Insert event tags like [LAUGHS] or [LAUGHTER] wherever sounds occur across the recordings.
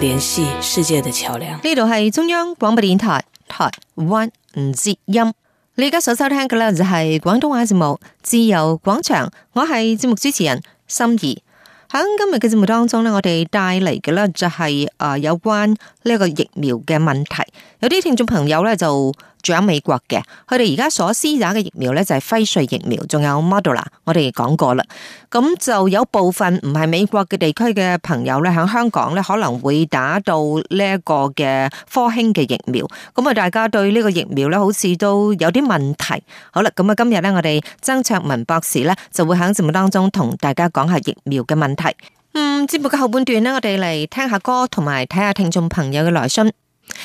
聯繫世界的橋樑。呢度係中央廣播電台台灣之音。你而家所收聽嘅咧就係廣東話節目《自由廣場》，我係節目主持人心怡。喺今日嘅節目當中咧，我哋帶嚟嘅咧就係啊有關呢個疫苗嘅問題。有啲聽眾朋友咧就。仲有美國嘅，佢哋而家所施打嘅疫苗咧就係輝瑞疫苗，仲有 Moderna，我哋講過啦。咁就有部分唔係美國嘅地區嘅朋友咧，喺香港咧可能會打到呢一個嘅科興嘅疫苗。咁啊，大家對呢個疫苗咧，好似都有啲問題。好啦，咁啊，今日咧我哋曾焯文博士咧就會喺節目當中同大家講下疫苗嘅問題。嗯，節目嘅後半段咧，我哋嚟聽下歌，同埋睇下聽眾朋友嘅來信。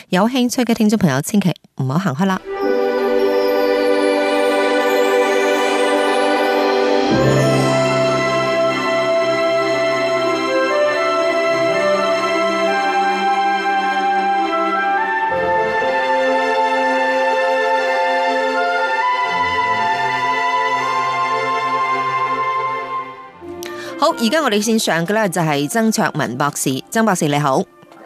有興趣嘅聽眾朋友，千祈唔好行開啦！好，而家我哋線上嘅咧就係曾焯文博士，曾博士你好。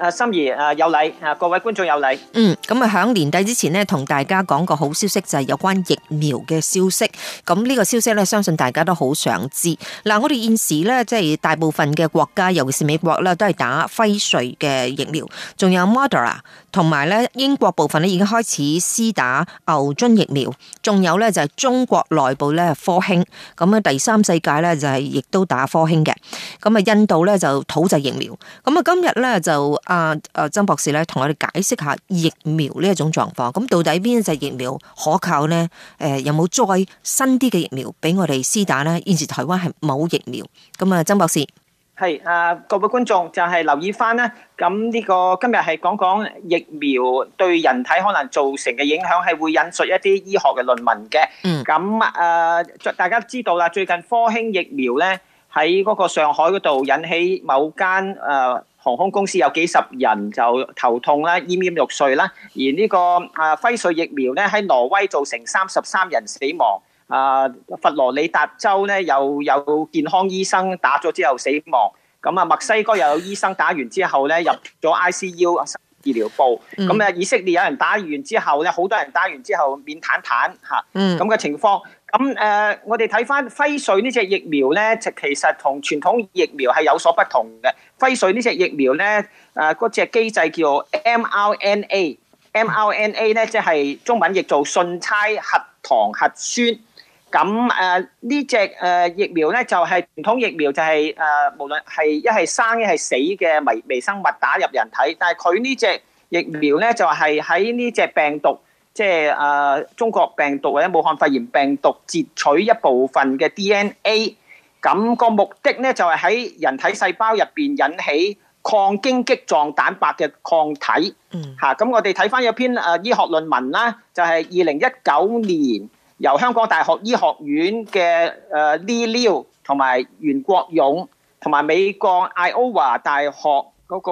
誒，心怡誒，有禮誒，各位觀眾有禮。嗯，咁啊，喺年底之前呢同大家講個好消息就係有關疫苗嘅消息。咁呢個消息呢，相信大家都好想知。嗱，我哋現時呢，即係大部分嘅國家，尤其是美國呢，都係打輝瑞嘅疫苗，仲有 Moderna，同埋咧英國部分呢，已經開始施打牛津疫苗，仲有呢，就係中國內部咧科興。咁啊，第三世界呢，就係亦都打科興嘅。咁啊，印度呢，就土製疫苗。咁啊，今日呢，就。啊！啊，曾博士呢，同我哋解釋下疫苗呢一種狀況。咁到底邊一隻疫苗可靠呢？誒，有冇再新啲嘅疫苗俾我哋施打呢？現時台灣係冇疫苗。咁啊，曾博士，係啊，各位觀眾就係留意返啦。咁呢個今日係講講疫苗對人體可能造成嘅影響，係會引述一啲醫學嘅論文嘅。嗯。咁啊，大家知道啦，最近科興疫苗呢喺嗰個上海嗰度引起某間啊。航空公司有幾十人就頭痛啦，奄奄欲睡啦。而呢個啊輝瑞疫苗咧喺挪威造成三十三人死亡，啊佛羅里達州咧又有健康醫生打咗之後死亡，咁啊墨西哥又有醫生打完之後咧入咗 ICU 治療部，咁、嗯、啊以色列有人打完之後咧好多人打完之後面癱癱嚇，咁嘅情況。咁誒，我哋睇翻輝瑞呢隻疫苗咧，就其實同傳統疫苗係有所不同嘅。輝瑞呢隻疫苗咧，誒嗰隻機制叫 mRNA，mRNA 咧即係中文譯做信差核糖核酸。咁誒呢隻誒疫苗咧，就係傳統疫苗就係誒無論係一係生一係死嘅微微生物打入人體，但係佢呢隻疫苗咧就係喺呢隻病毒。即係誒、呃、中國病毒或者武漢肺炎病毒截取一部分嘅 DNA，咁個目的咧就係、是、喺人體細胞入邊引起抗棘狀蛋白嘅抗體。嗯，嚇、啊、咁我哋睇翻有篇誒、呃、醫學論文啦，就係二零一九年由香港大學醫學院嘅誒、呃、Lee Liu 同埋袁國勇同埋美國 Iowa 大學嗰、那個、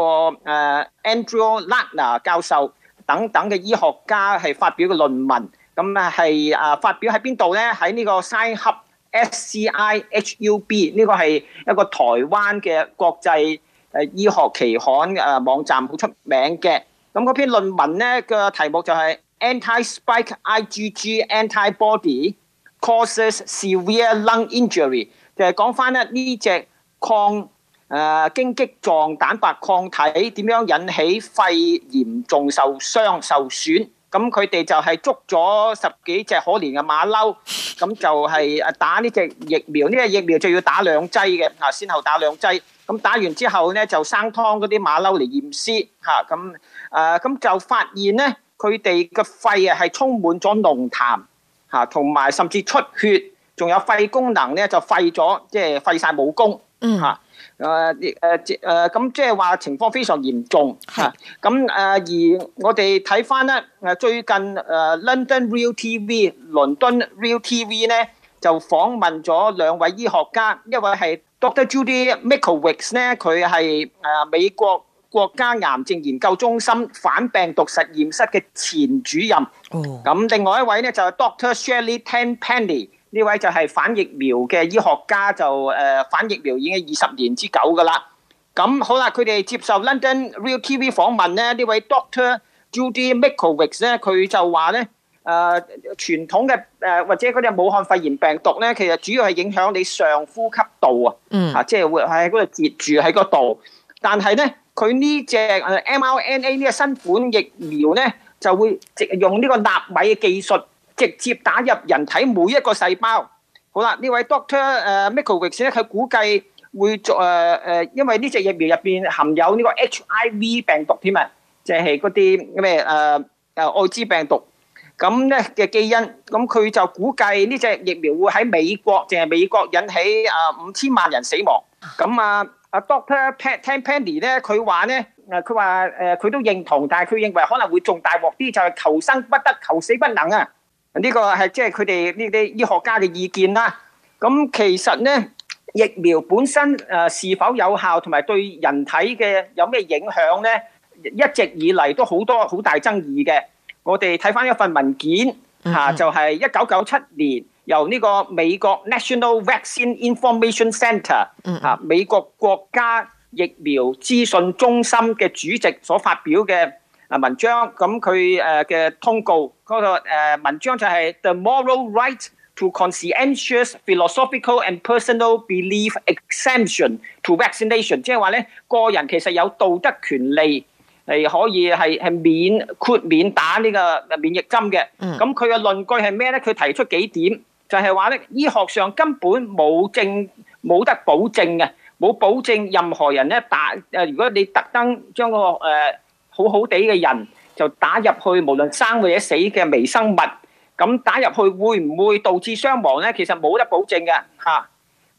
呃、Andrew Lackner 教授。等等嘅醫學家係發表嘅論文，咁啊係啊發表喺邊度咧？喺呢個 Sci Hub S C I H U B，呢個係一個台灣嘅國際誒醫學期刊誒網站，好出名嘅。咁嗰篇論文咧嘅題目就係 Anti-Spike IgG antibody causes severe lung injury，就係講返咧呢隻抗。誒、啊，荊棘狀蛋白抗體點樣引起肺嚴重受傷受損？咁佢哋就係捉咗十幾隻可憐嘅馬騮，咁就係打呢隻疫苗。呢、這、隻、個、疫苗就要打兩劑嘅、啊，先後打兩劑。咁、啊、打完之後呢，就生湯嗰啲馬騮嚟驗屍嚇。咁、啊、咁、啊啊啊、就發現呢，佢哋嘅肺啊係充滿咗濃痰同埋、啊、甚至出血，仲有肺功能呢，就廢咗，即、就、係、是、廢晒武功、啊嗯誒誒誒，咁、呃、即係話情況非常嚴重嚇。咁誒、啊，而我哋睇翻咧誒，最近誒 London Real TV、倫敦 Real TV 咧就訪問咗兩位醫學家，一位係 Dr. Judy Mikovitz 呢，佢係誒美國國家癌症研究中心反病毒實驗室嘅前主任。咁、嗯啊、另外一位咧就係、是、Dr. Sherri Tenpenny。呢位就係反疫苗嘅醫學家，就誒、呃、反疫苗已經二十年之久噶啦。咁好啦，佢哋接受 London Real TV 訪問咧，位 Dr. 呢位 Doctor Judy Mikovitz 咧，佢就話咧誒傳統嘅誒、呃、或者嗰啲武漢肺炎病毒咧，其實主要係影響你上呼吸道、mm. 啊，嗯，嚇即係會喺嗰度截住喺嗰度。但係咧，佢呢隻 mRNA 呢個新款疫苗咧，就會直用呢個納米嘅技術。直接打入人體每一個細胞。好啦，呢位 Doctor 誒 Mikovitz 咧，佢估計會作誒誒，因為呢隻疫苗入邊含有呢個 HIV 病毒添啊，就係嗰啲咩誒誒愛滋病毒咁咧嘅基因。咁佢就估計呢隻疫苗會喺美國淨係美國引起誒五千萬人死亡。咁啊，阿 Doctor Tenpenny 咧，佢話咧，佢話誒佢都認同，但係佢認為可能會仲大鑊啲，就係求生不得，求死不能啊！呢、這個係即係佢哋呢啲醫學家嘅意見啦。咁其實呢疫苗本身誒是否有效，同埋對人體嘅有咩影響呢？一直以嚟都好多好大爭議嘅。我哋睇翻一份文件吓、啊，就係一九九七年由呢個美國 National Vaccine Information Center 吓、啊、美國國家疫苗資訊中心嘅主席所發表嘅文章，咁佢誒嘅通告。嗰個誒，文章就係 The moral right to conscientious philosophical and personal belief exemption to vaccination，即係話咧，個人其實有道德權利係可以係係免豁免打呢個免疫針嘅。咁佢嘅論據係咩咧？佢提出幾點就係話咧，醫學上根本冇證冇得保證嘅，冇保證任何人咧打誒，如果你特登將個誒好好哋嘅人，就打入去，無論生或者死嘅微生物，咁打入去會唔會導致傷亡呢？其實冇得保證嘅嚇。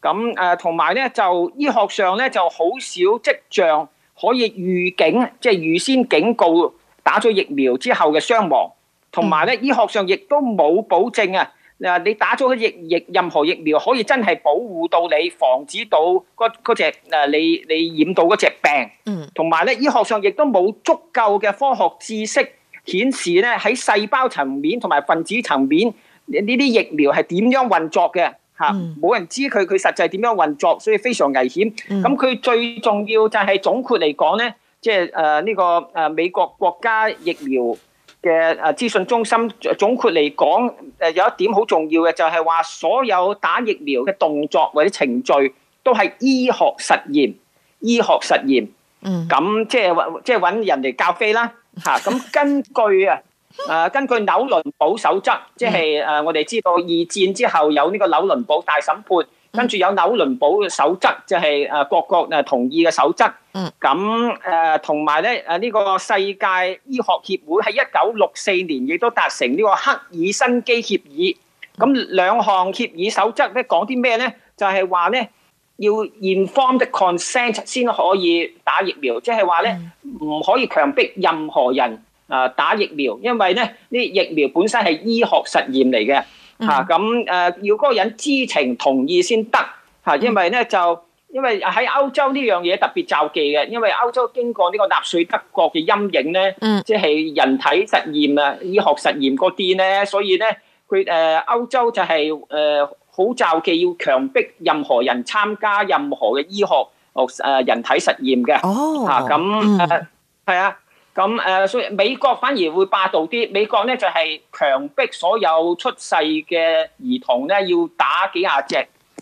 咁、啊、誒，同埋呢，就醫學上呢，就好少跡象可以預警，即係預先警告打咗疫苗之後嘅傷亡。同埋呢、嗯，醫學上亦都冇保證啊。嗱，你打咗疫疫任何疫苗，可以真係保護到你，防止到嗰隻隻你你染到嗰隻病。嗯。同埋咧，醫學上亦都冇足夠嘅科學知識顯示咧，喺細胞層面同埋分子層面呢啲疫苗係點樣運作嘅。冇、嗯、人知佢佢實際點樣運作，所以非常危險。咁、嗯、佢最重要就係、是、總括嚟講咧，即係呢個美國國家疫苗嘅誒資訊中心總括嚟講，有一點好重要嘅，就係話所有打疫苗嘅動作或者程序都係醫學實驗，醫學實驗。嗯。咁即係揾，即係揾人嚟教飛啦嚇。咁根據 [LAUGHS] 啊誒，根據紐倫堡守則，即係我哋知道二戰之後有呢個紐倫堡大審判。跟住有紐倫堡嘅守則，就係、是、誒各國誒同意嘅守則。嗯。咁誒同埋咧誒呢、這個世界醫學協會喺一九六四年亦都達成呢個《赫爾辛基協議》。咁兩項協議守則咧講啲咩咧？就係話咧要 informed consent 先可以打疫苗，即係話咧唔可以強迫任何人誒打疫苗，因為咧呢疫苗本身係醫學實驗嚟嘅。咁、嗯啊、要嗰個人知情同意先得，啊、因為咧、嗯、就因為喺歐洲呢樣嘢特別皺忌嘅，因為歐洲經過呢個納粹德國嘅陰影咧，即、嗯、係、就是、人體實驗啊，醫學實驗嗰啲咧，所以咧佢、呃、歐洲就係誒好皺忌要強迫任何人參加任何嘅醫學、呃、人體實驗嘅。哦，咁啊！啊嗯啊咁誒，所以美國反而會霸道啲。美國咧就係強迫所有出世嘅兒童咧要打幾廿隻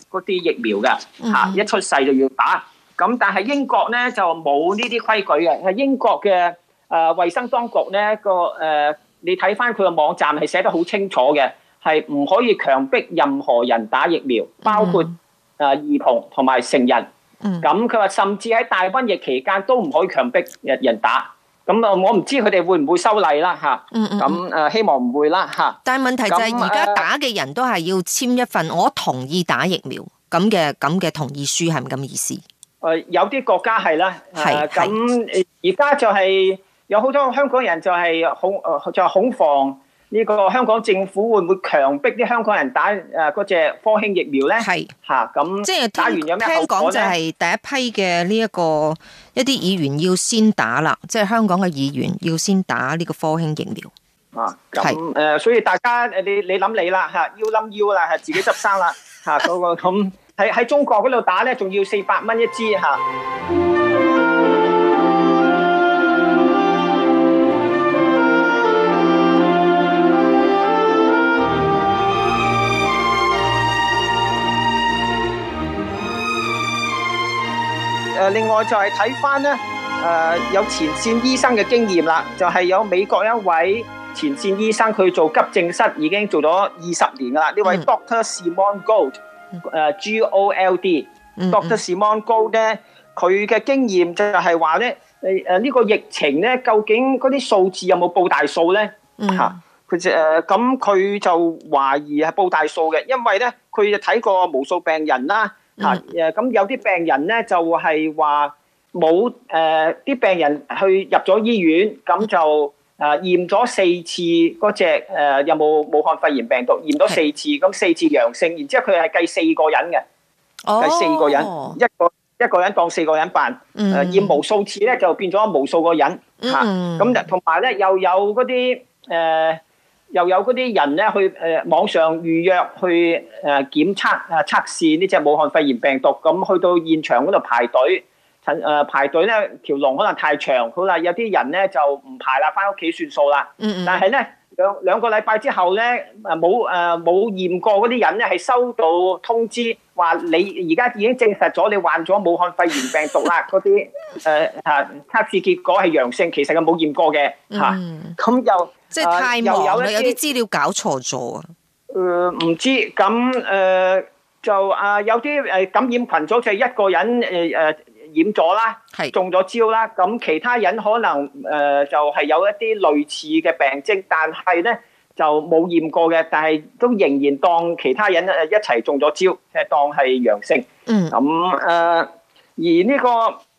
嗰啲疫苗嘅嚇，一出世就要打。咁但係英國咧就冇呢啲規矩嘅。係英國嘅誒衞生當局咧一個誒，你睇翻佢個網站係寫得好清楚嘅，係唔可以強迫任何人打疫苗，包括誒兒童同埋成人。咁佢話甚至喺大瘟疫期間都唔可以強迫人人打。咁啊，我唔知佢哋會唔會修例啦吓。嗯嗯。咁誒，希望唔會啦吓。但係問題就係而家打嘅人都係要簽一份我同意打疫苗咁嘅咁嘅同意書，係唔係咁意思？誒，有啲國家係啦。係咁而家就係有好多香港人就係恐誒就係、恐呢個香港政府會唔會強逼啲香港人打誒嗰隻科興疫苗咧？係嚇咁，即係打完有咩香港就係第一批嘅呢一個一啲議員要先打啦，即係香港嘅議員要先打呢個科興疫苗。啊，係誒，所以大家你你諗你啦嚇，要諗要啦，係自己執生啦嚇，嗰個咁喺喺中國嗰度打咧，仲要四百蚊一支嚇。啊誒，另外就係睇翻咧，誒、呃、有前線醫生嘅經驗啦，就係、是、有美國一位前線醫生，佢做急症室已經做咗二十年噶啦，呢、嗯、位 Doctor Simone Gold，誒、呃、G O L D，Doctor、嗯嗯、Simone Gold 咧，佢嘅經驗就係話咧，誒誒呢個疫情咧，究竟嗰啲數字有冇報大數咧？吓、嗯，佢、啊、就誒咁，佢、呃、就懷疑係報大數嘅，因為咧，佢就睇過無數病人啦。啊，誒咁有啲病人咧就係話冇誒啲病人去入咗醫院，咁就誒驗咗四次嗰隻誒有冇武漢肺炎病毒驗咗四次，咁四次陽性，然之後佢係計四個人嘅，計四個人一個一個人當四個人辦，誒驗無數次咧就變咗無數個人嚇，咁同埋咧又有嗰啲誒。又有嗰啲人咧去誒網上預約去誒檢測啊，測試呢隻武漢肺炎病毒，咁去到現場嗰度排隊，趁誒排隊咧條龍可能太長，好啦，有啲人咧就唔排啦，翻屋企算數啦。嗯，但係咧，兩兩個禮拜之後咧，冇誒冇驗過嗰啲人咧，係收到通知。話你而家已經證實咗你患咗武漢肺炎病毒啦，嗰啲誒啊測試結果係陽性，其實佢冇驗過嘅吓，咁、啊、又、嗯啊、即係太忙啦，有啲資料搞錯咗啊？誒、呃、唔知咁誒、呃、就啊、呃、有啲誒感染群組就係、是、一個人誒誒、呃、染咗啦，係中咗招啦，咁其他人可能誒、呃、就係、是、有一啲類似嘅病徵，但係咧。就冇驗過嘅，但係都仍然當其他人一齊中咗招，即係當係陽性。嗯，咁誒，而呢個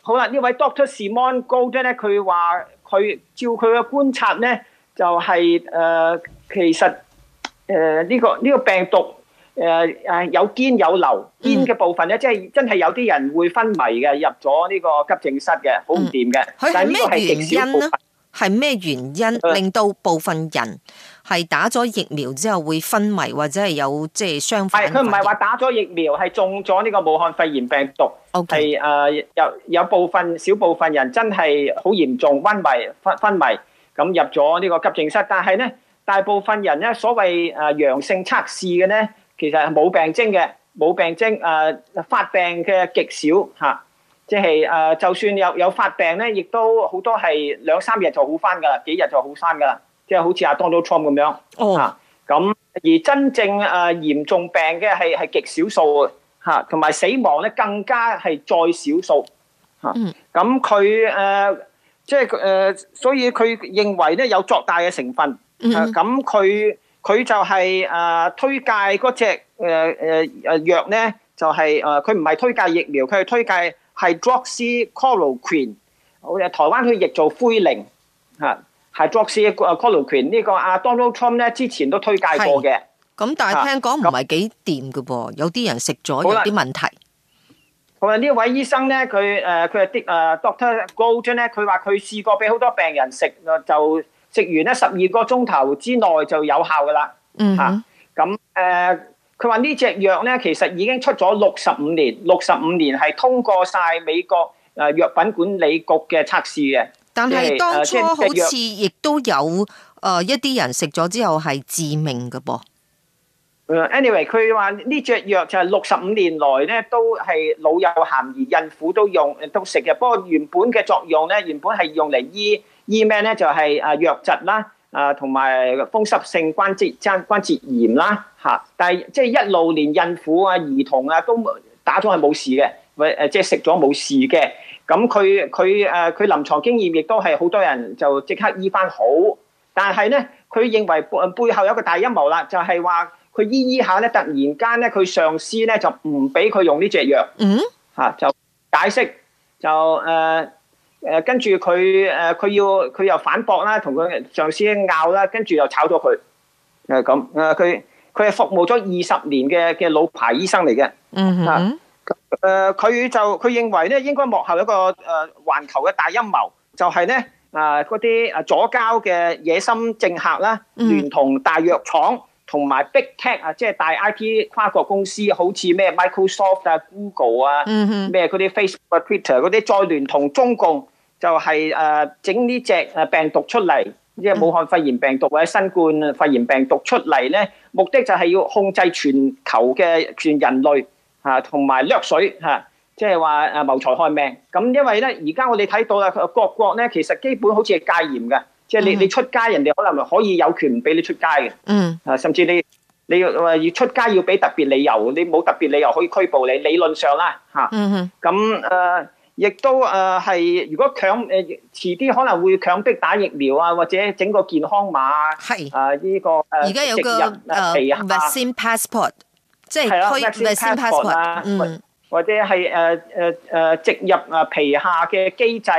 好啦，呢位 Doctor Simone Gold 咧，佢話佢照佢嘅觀察咧，就係誒其實誒呢個呢個病毒誒誒有堅有流，堅嘅部分咧，即係真係有啲人會昏迷嘅，入咗呢個急症室嘅，好唔掂嘅。佢係咩原因呢？但係呢個係極少部分，係咩原因令到部分人係打咗疫苗之後會昏迷，或者係有即係相反？係佢唔係話打咗疫苗，係中咗呢個武漢肺炎病毒。係誒，有有部分小部分人真係好嚴重昏迷昏昏迷，咁入咗呢個急症室。但係呢，大部分人呢所謂誒陽性測試嘅呢，其實係冇病徵嘅，冇病徵誒發病嘅極少吓。即係誒，就算有有發病咧，亦都好多係兩三日就好翻噶啦，幾日就好翻噶啦。即係好似阿 Donald Trump 咁樣，吓、oh. 咁而真正誒嚴重病嘅係係極少數吓，同埋死亡咧更加係再少數吓。咁佢誒即係誒，所以佢認為咧有作大嘅成分。咁佢佢就係、是、誒、呃、推介嗰隻誒誒誒藥咧，就係誒佢唔係推介疫苗，佢係推介。係 Hydroxychloroquine，r 好啊！台灣佢譯做灰靈，嚇係 Hydroxychloroquine 呢個啊 Donald Trump 咧之前都推介過嘅。咁但係聽講唔係幾掂嘅噃，有啲人食咗有啲問題。我話呢位醫生咧，佢誒佢係啲啊 Doctor Gold 咧，佢話佢試過俾好多病人食，就食完咧十二個鐘頭之內就有效嘅啦。嗯嚇，咁、啊、誒。佢話呢隻藥咧，其實已經出咗六十五年，六十五年係通過晒美國誒藥品管理局嘅測試嘅。但係當初好似亦都有誒、呃、一啲人食咗之後係致命嘅噃。Anyway，佢話呢隻藥就係六十五年來咧都係老幼咸宜，孕婦都用都食嘅。不過原本嘅作用咧，原本係用嚟醫醫咩咧，就係誒瘧疾啦，誒同埋風濕性關節關關節炎啦。嚇！但係即係一路連孕婦啊、兒童啊都打咗係冇事嘅，誒誒即係食咗冇事嘅。咁佢佢誒佢臨床經驗亦都係好多人就即刻醫返好。但係咧，佢認為背後有個大陰謀啦，就係話佢醫醫下咧，突然間咧佢上司咧就唔俾佢用呢隻藥。嗯。嚇！就解釋就誒誒，跟住佢誒佢要佢又反駁啦，同佢上司拗啦，跟住又炒咗佢。係咁，啊佢。佢係服務咗二十年嘅嘅老牌醫生嚟嘅，啊，誒，佢就佢認為咧，應該幕後一個誒環球嘅大陰謀，就係咧啊嗰啲啊左膠嘅野心政客啦，聯同大藥廠同埋 big tech 啊，即係大 IT 跨國公司，好似咩 Microsoft 啊、Google 啊，咩嗰啲 Facebook、啊、Twitter 嗰啲，再聯同中共，就係誒整呢隻啊病毒出嚟，即係武漢肺炎病毒或者新冠肺炎病毒出嚟咧。目的就係要控制全球嘅全人類嚇，同埋掠水嚇，即係話誒謀財害命。咁因為咧，而家我哋睇到啦，各國咧其實基本好似係戒嚴嘅，即係你你出街，人哋可能可以有權唔俾你出街嘅。嗯，啊，甚至你你話要出街要俾特別理由，你冇特別理由可以拘捕你。理論上啦嚇，咁、mm-hmm、誒。亦都誒係，如果強誒遲啲可能會強迫打疫苗啊，或者整個健康碼啊，啊呢、呢個植入皮下。而家有個 vaccine passport，即、啊、vaccine passport、啊嗯、或者植、uh, uh, 入啊皮下嘅機制，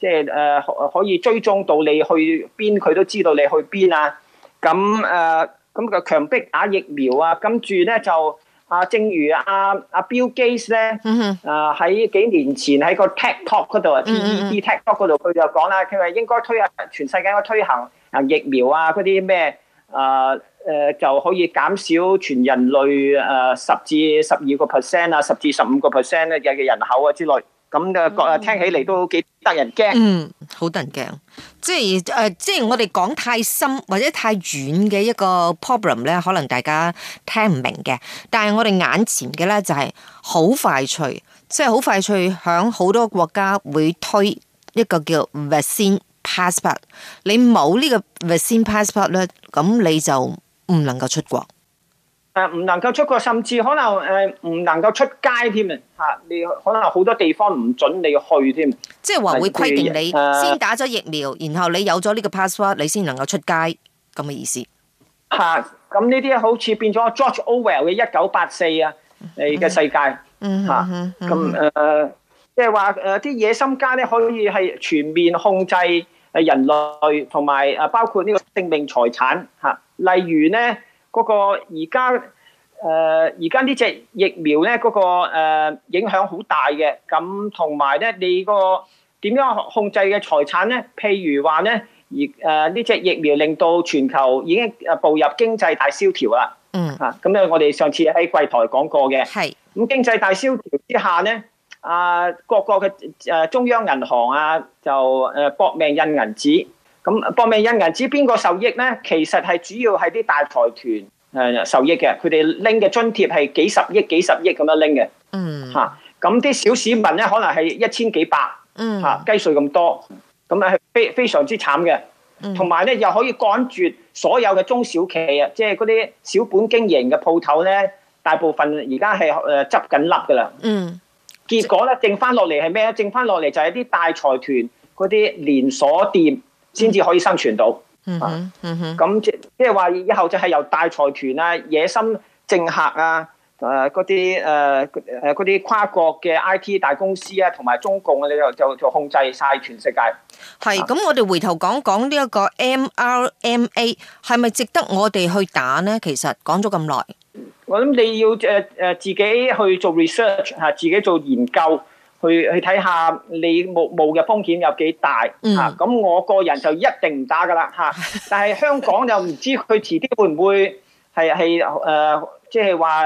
即、就、係、是 uh, 可以追蹤到你去邊，佢都知道你去邊啊。咁咁、uh, 強迫打疫苗啊，跟住咧就。啊，正如阿阿 Bill Gates 咧，啊、mm、喺 -hmm. 呃、幾年前喺個 Tech Talk 嗰度啊，TED Tech Talk 嗰度佢就講啦，佢話應該推啊，全世界應該推行啊疫苗啊，嗰啲咩啊誒就可以減少全人類誒十至十二個 percent 啊，十至十五個 percent 咧嘅人口啊之類。咁嘅覺啊，聽起嚟都幾得人驚。嗯，好得人驚。即係誒，即係我哋講太深或者太遠嘅一個 problem 咧，可能大家聽唔明嘅。但係我哋眼前嘅咧就係、是、好快脆，即係好快脆響好多國家會推一個叫 vaccine passport。你冇呢個 vaccine passport 咧，咁你就唔能夠出國。誒、啊，唔能夠出國，甚至可能誒，唔、啊、能夠出街添啊！吓，你可能好多地方唔准你去添，即係話會規定你先打咗疫苗、就是啊，然後你有咗呢個 password，你先能夠出街，咁嘅意思。吓、啊，咁呢啲好似變咗 George Orwell 嘅一九八四啊，誒、mm、嘅 -hmm. 世界。嗯、啊，吓、mm -hmm. mm -hmm. 啊，咁、就、誒、是，即係話誒，啲野心家咧可以係全面控制誒人類，同埋誒包括呢個性命財產。吓、啊，例如呢。嗰個而家誒，而家呢隻疫苗咧，嗰個、呃、影響好大嘅。咁同埋咧，你個點樣控制嘅財產咧？譬如話咧，而誒呢隻疫苗令到全球已經誒步入經濟大蕭條啦。嗯啊，咁咧我哋上次喺貴台講過嘅。係。咁經濟大蕭條之下咧，啊各個嘅誒中央銀行啊，就誒搏命印銀紙。咁搏命恩，人知邊個受益咧？其實係主要係啲大財團受益嘅，佢哋拎嘅津貼係幾十億、幾十億咁樣拎嘅。嗯。嚇，咁啲小市民咧，可能係一千幾百。嗯、mm. 啊。嚇，雞碎咁多，咁啊，非非常之慘嘅。同埋咧，又可以趕絕所有嘅中小企啊，即係嗰啲小本經營嘅鋪頭咧，大部分而家係執緊笠噶啦。嗯、mm.。結果咧，剩翻落嚟係咩咧？剩翻落嚟就係啲大財團嗰啲連鎖店，先至可以生存到，嗯哼嗯，咁即即係話以後就係由大財團啊、野心政客啊、誒嗰啲誒誒嗰啲跨國嘅 I T 大公司啊，同埋中共啊，你就就就控制晒全世界。係，咁我哋回頭講講呢一個 mRNA 係咪值得我哋去打呢？其實講咗咁耐，我諗你要誒誒自己去做 research 嚇，自己做研究。去去睇下你冇冒嘅風險有幾大嚇，咁、嗯、我個人就一定唔打噶啦嚇。 [LAUGHS] 但係香港就唔知佢遲啲會唔會係係誒，即係話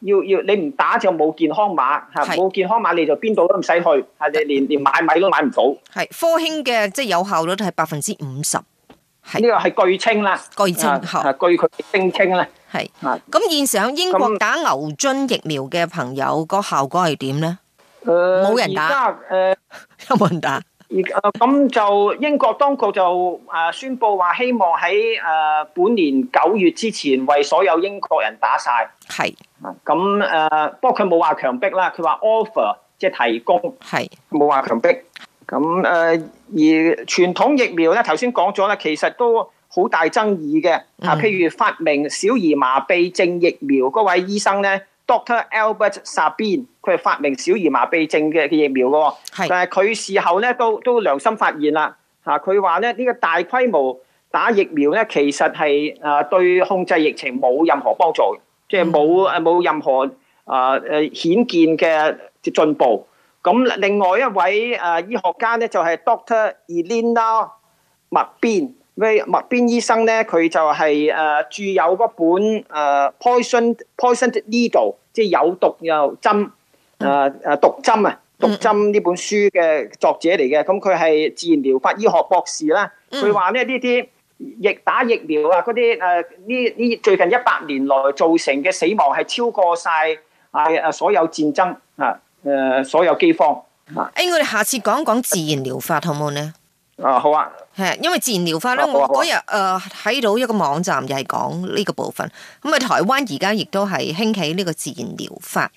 要要你唔打就冇健康碼嚇，冇健康碼你就邊度都唔使去，係你連連買米都買唔到。係科興嘅即係有效率都係百分之五十，呢個係據稱啦，據稱嚇，據佢聲稱啦，係。咁現時喺英國打牛津疫苗嘅朋友個效果係點咧？誒、呃，冇人打，誒，有、呃、冇人打。而、呃、誒，咁就英國當局就誒宣布話，希望喺誒、呃、本年九月之前為所有英國人打晒。係。咁、呃、誒，不過佢冇話強迫啦，佢話 offer，即係提供。係。冇話強迫。咁誒、呃，而傳統疫苗咧，頭先講咗啦，其實都好大爭議嘅。啊，譬如發明小兒麻痹症疫苗嗰位醫生咧。Doctor Albert Sabin，佢係發明小兒麻痹症嘅嘅疫苗嘅，但係佢事後咧都都良心發現啦，嚇佢話咧，呢個大規模打疫苗咧，其實係啊對控制疫情冇任何幫助，嗯、即係冇啊冇任何啊誒顯見嘅進步。咁另外一位啊醫學家咧就係 Doctor Elena McBean。麥邊醫生咧，佢就係、是、誒、啊、著有嗰本誒、啊、Poison Poisoned Needle，即係有毒又針誒誒毒針啊，毒針呢本書嘅作者嚟嘅。咁佢係自然療法醫學博士啦。佢話咧呢啲疫打疫苗啊，嗰啲誒呢呢最近一百年來造成嘅死亡係超過晒啊啊所有戰爭啊誒所有饑荒。誒、啊欸、我哋下次講講自然療法好唔好呢？嗯啊，啊，好啊，係，因為自然療法咧，我嗰日誒睇到一個網站，又係講呢個部分。咁啊，台灣而家亦都係興起呢個自然療法。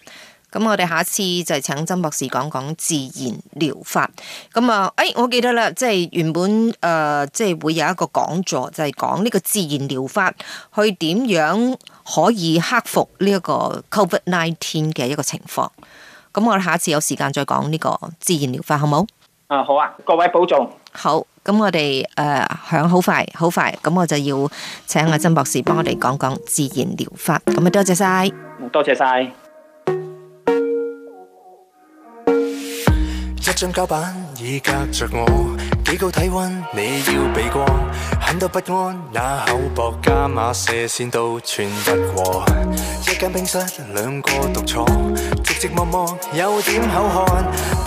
咁我哋下次就請曾博士講講自然療法。咁啊，誒，我記得啦，即係原本誒，即係會有一個講座，就係講呢個自然療法，去點樣可以克服呢一個 COVID nineteen 嘅一個情況。咁我哋下次有時間再講呢個自然療法，好冇？啊，好啊，各位保重。好，咁我哋誒響好快，好快，咁我就要請阿、啊、曾博士幫我哋講講自然療法，咁啊多謝晒，多謝晒。一張膠板已隔着我，幾高體溫你要避光，很多不安，那厚薄伽馬射線都穿不過，一間冰室兩個獨坐，寂寂寞寞有點口渴。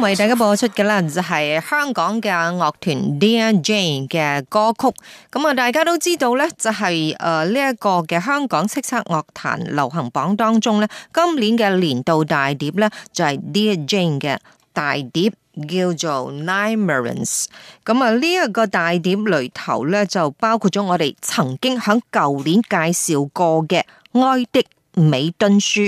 為大家播出嘅啦，就係香港嘅樂團 Dear Jane 嘅歌曲。咁啊，大家都知道咧，就係誒呢一個嘅香港叱咤樂壇流行榜當中咧，今年嘅年度大碟咧，就係 Dear Jane 嘅大碟叫做《Limerence》。咁啊，呢一個大碟裏頭咧，就包括咗我哋曾經喺舊年介紹過嘅《愛的美敦書》、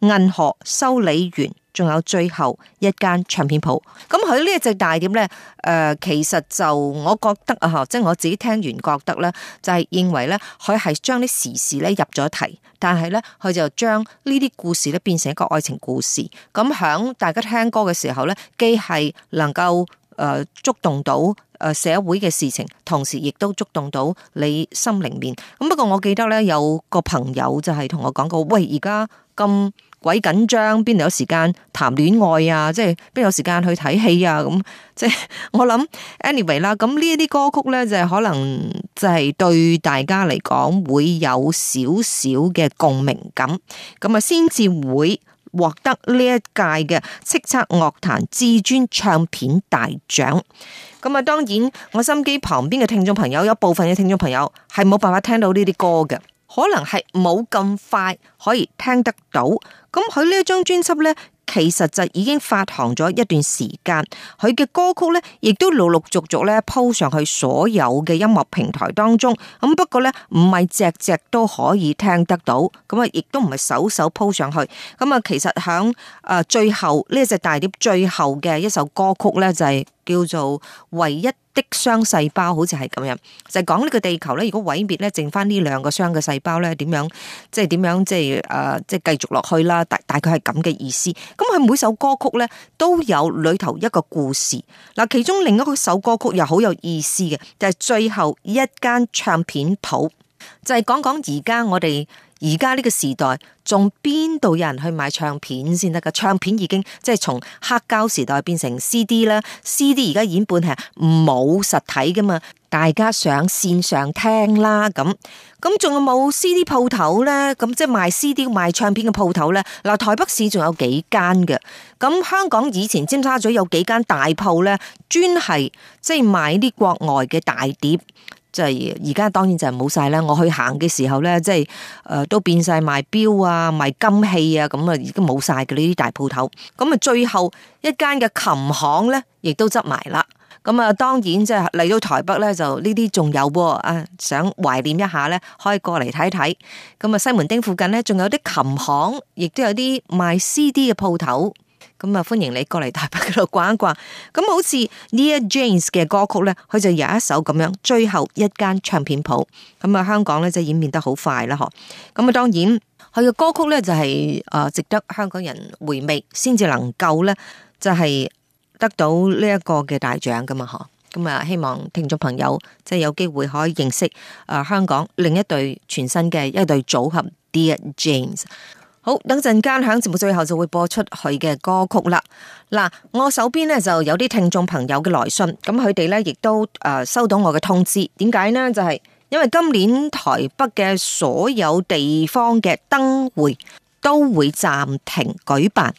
《銀河修理員》。仲有最後一間唱片鋪。咁佢呢隻大碟咧，誒、呃，其實就我覺得啊，吓，即係我自己聽完覺得咧，就係、是、認為咧，佢係將啲時事咧入咗題，但係咧，佢就將呢啲故事咧變成一個愛情故事，咁響大家聽歌嘅時候咧，既係能夠誒觸動到誒社會嘅事情，同時亦都觸動到你心靈面。咁不過我記得咧，有個朋友就係同我講過，喂，而家咁。鬼緊張，邊度有時間談戀愛啊？即係邊有時間去睇戲啊？咁即係我諗，anyway 啦。咁呢一啲歌曲咧，就係可能就係對大家嚟講會有少少嘅共鳴感，咁啊先至會獲得呢一屆嘅叱咤樂壇至尊唱片大獎。咁啊，當然我心機旁邊嘅聽眾朋友，有部分嘅聽眾朋友係冇辦法聽到呢啲歌嘅。可能係冇咁快可以聽得到，咁佢呢一張專輯咧，其實就已經發行咗一段時間，佢嘅歌曲咧，亦都陸陸續續咧鋪上去所有嘅音樂平台當中。咁不過咧，唔係只只都可以聽得到。咁啊，亦都唔係首首鋪上去。咁啊，其實響誒最後呢一隻大碟最後嘅一首歌曲咧，就係、是、叫做《唯一的雙細胞》，好似係咁樣，就係講呢個地球咧，如果毀滅咧，剩翻呢兩個雙嘅細胞咧，點、就是、樣即係點樣即係誒，即係繼續落去啦。大大概係咁嘅意思。咁佢每首歌曲咧都有裏頭一個故事，嗱，其中另一首歌曲又好有意思嘅，就係最後一間唱片鋪，就係講講而家我哋。而家呢個時代，仲邊度有人去賣唱片先得噶？唱片已經即係從黑膠時代變成 CD 啦。CD 而家演變係冇實體噶嘛？大家上線上聽啦，咁咁仲有冇 CD 鋪頭呢？咁即係賣 CD 賣唱片嘅鋪頭呢？嗱，台北市仲有幾間嘅？咁香港以前尖沙咀有幾間大鋪呢，專係即係買啲國外嘅大碟。即係而家當然就係冇晒啦，我去行嘅時候咧，即係誒都變晒賣錶啊、賣金器啊，咁啊已經冇晒嘅呢啲大鋪頭。咁啊最後一間嘅琴行咧，亦都執埋啦。咁啊當然即係嚟到台北咧，就呢啲仲有，啊想懷念一下咧，可以過嚟睇睇。咁啊西門町附近咧，仲有啲琴行，亦都有啲賣 CD 嘅鋪頭。咁啊，歡迎你過嚟大伯嗰度逛一逛。咁好似 Dear Jean 嘅歌曲咧，佢就有一首咁樣，《最後一間唱片鋪》。咁啊，香港咧就演變得好快啦，嗬。咁啊，當然佢嘅歌曲咧就係誒，值得香港人回味，先至能夠咧就係得到呢一個嘅大獎噶嘛，嗬。咁啊，希望聽眾朋友即係有機會可以認識誒香港另一對全新嘅一對組合 Dear Jean。好，等陣間響節目最後就會播出佢嘅歌曲啦。嗱，我手邊咧就有啲聽眾朋友嘅來信，咁佢哋咧亦都誒收到我嘅通知。點解呢？就係因為今年台北嘅所有地方嘅燈會都會暫停舉辦。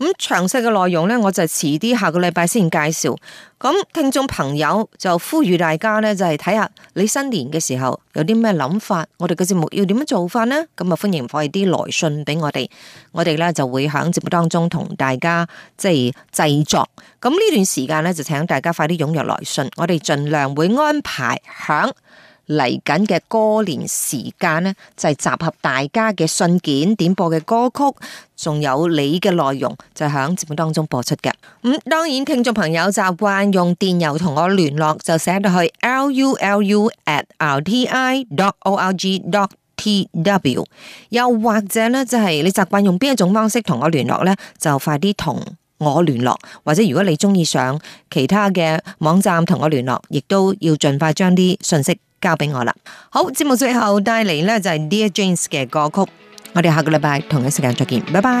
咁詳細嘅內容呢，我就遲啲下個禮拜先介紹。咁聽眾朋友就呼籲大家呢，就係睇下你新年嘅時候有啲咩諗法，我哋嘅節目要點樣做法呢？咁啊，歡迎快啲來信俾我哋，我哋呢就會喺節目當中同大家即係製作。咁呢段時間呢，就請大家快啲踴躍來信，我哋盡量會安排響。嚟緊嘅歌聯時間呢就係、是、集合大家嘅信件點播嘅歌曲，仲有你嘅內容就響節目當中播出嘅。咁、嗯、當然，聽眾朋友習慣用電郵同我聯絡，就寫到去 l u l u at r t i dot o r g dot t w。又或者呢，就係你習慣用邊一種方式同我聯絡呢？就快啲同我聯絡。或者如果你中意上其他嘅網站同我聯絡，亦都要盡快將啲信息。交俾我啦！好，節目最後帶嚟呢就係 Dear Jean 嘅歌曲，我哋下個禮拜同一時間再見，拜拜。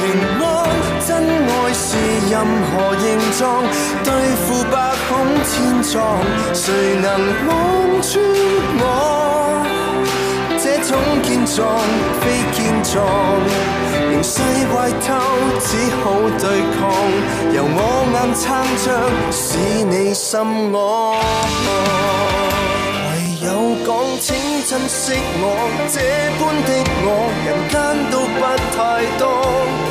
任何形狀，對付百孔千瘡，誰能望穿我？這種健壯非健壯，形勢壞透，只好對抗，由我硬撐着，使你心安。唯、啊、有講，請珍惜我這般的我，人間都不太多。